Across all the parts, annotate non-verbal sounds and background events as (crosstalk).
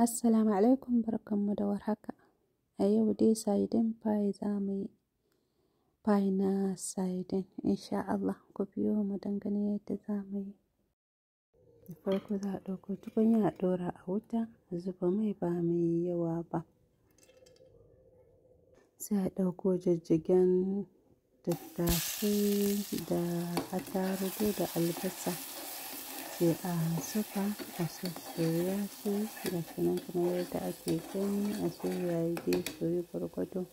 Assalamu alaikum barkanmu da warhaka. A yau dai saidin pie za mu yi pie na saidin insha Allah ku biyo mu don ganin yadda za mu yi. Da farko za a ɗauko tukunya a ɗora a wuta a zuba mai ba mai yawa ba. Sai a ɗauko jijjigen tattasai da attarugu da albasa. ke a saya a sassoya su da sunan kamar yadda ake gani a soyaye dai soyi gwargwado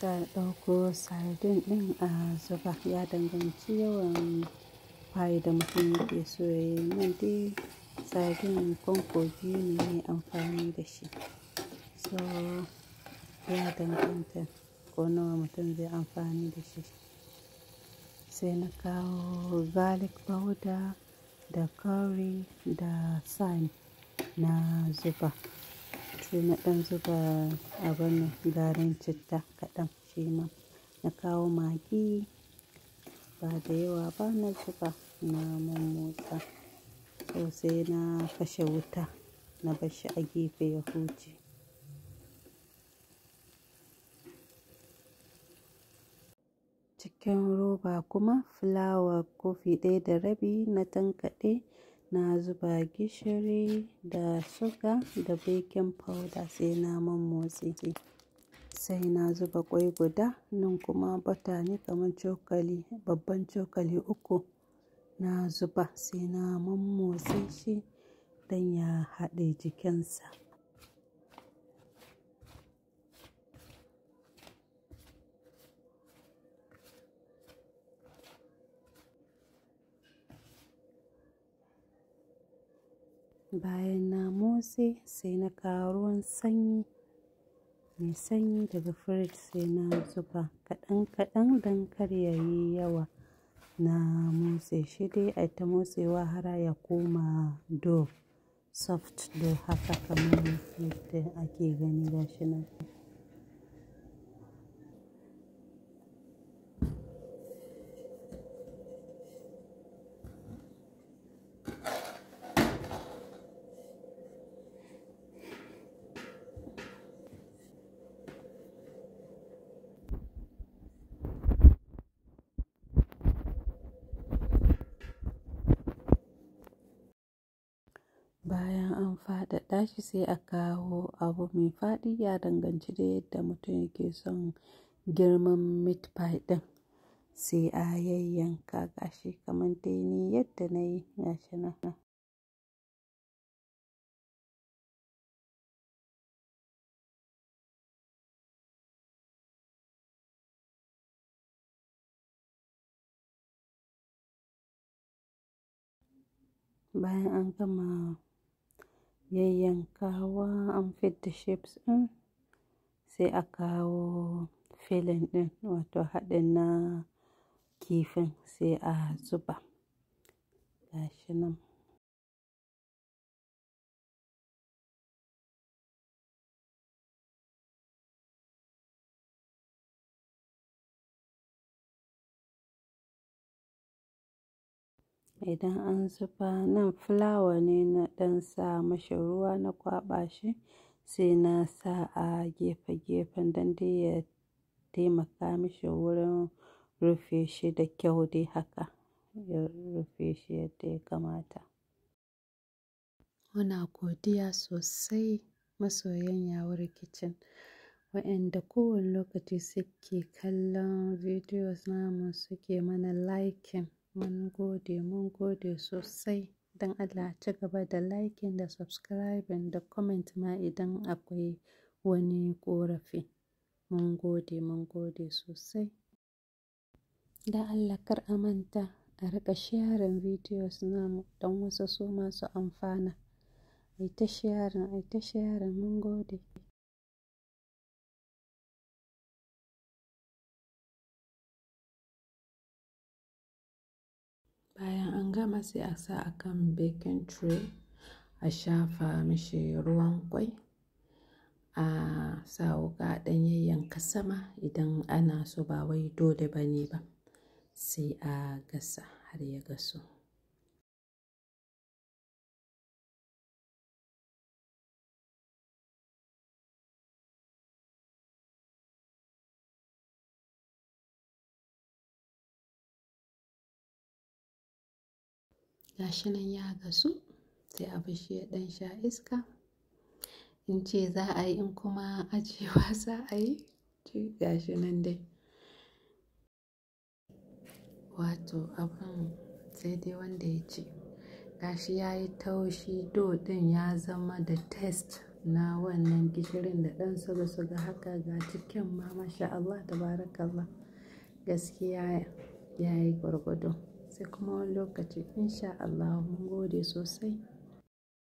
za a ɗauko sardin ɗin a zuba ya danganci sardine famfo biyu ne mai amfani da shi so ya danganta ko nawa mutum zai amfani da shi sai na kawo garlic powder da curry da thyme na zuba sai na ɗan zuba abin garin citta kaɗan shi ma na kawo magi ba da yawa ba na zuba na mummotsa yau sai na kashe wuta na bashi a gefe ya huce cikin roba kuma fulawa kofi ɗaya da rabi na tankaɗe na zuba gishiri da suga da baking powder sai na mammotsi sai na zuba kwai guda nan kuma bata ne kamar cokali babban cokali uku na zuba sai na mammotse shi don ya haɗe jikinsa bayan na motse sai na kawo ruwan sanyi mai sanyi daga firij sai na zuba kaɗan-kaɗan don kar ya yi yawa na motse shi dai a ta motsewa har ya koma do soft do haka kamar yadda ake gani gashi nan da shi sai a kawo abu mai faɗi ya danganci da yadda mutum yake son girman meat pie ɗin sai a yayyanka gashi kamar dai ni yadda na yi gashi nan. bayan an gama yayyankawa an fidda shapes ɗin sai a kawo filin ɗin wato haɗin na kifin sai a zuba gashi nan Idan an zuba nan fulawa ne na ɗan sa mashi ruwa na kwaɓa shi sai na sa a gefe-gefen don dai ya taimaka mashi wurin rufe shi da kyau dai haka ya rufe shi yadda ya kamata. Muna godiya sosai masoyan yawar Kicin wa'anda kowane lokaci suke kallon videos namu suke mana liking. Mun gode, mun gode sosai. Don Allah ci gaba da liking da subscribing da comment ma idan akwai wani ƙorafi. Mun gode, mun gode sosai. Da Allah kar a manta a riƙa sharing videos namu don wasu su masu amfana. Aita sharing, ai sharing mun gode. bayan an gama sai a sa a kan baking tray a shafa mishi ruwan kwai a sa wuka ɗan yayyanka sama idan ana so ba wai dole ba ne ba sai a gasa har ya gasu gashi nan ya gasu sai a shi ya dan sha iska in ce za a yi in kuma ajiyewa (laughs) za a yi gashi nan dai wato abin sai dai wanda ya ce gashi ya yi taushi do ɗin ya zama da test na wannan gishirin da ɗan suga-suga haka ga cikin ma masha Allah tabarakallah gaskiya ya yi gwargwado sai kuma wani lokaci insha Allah mun gode sosai.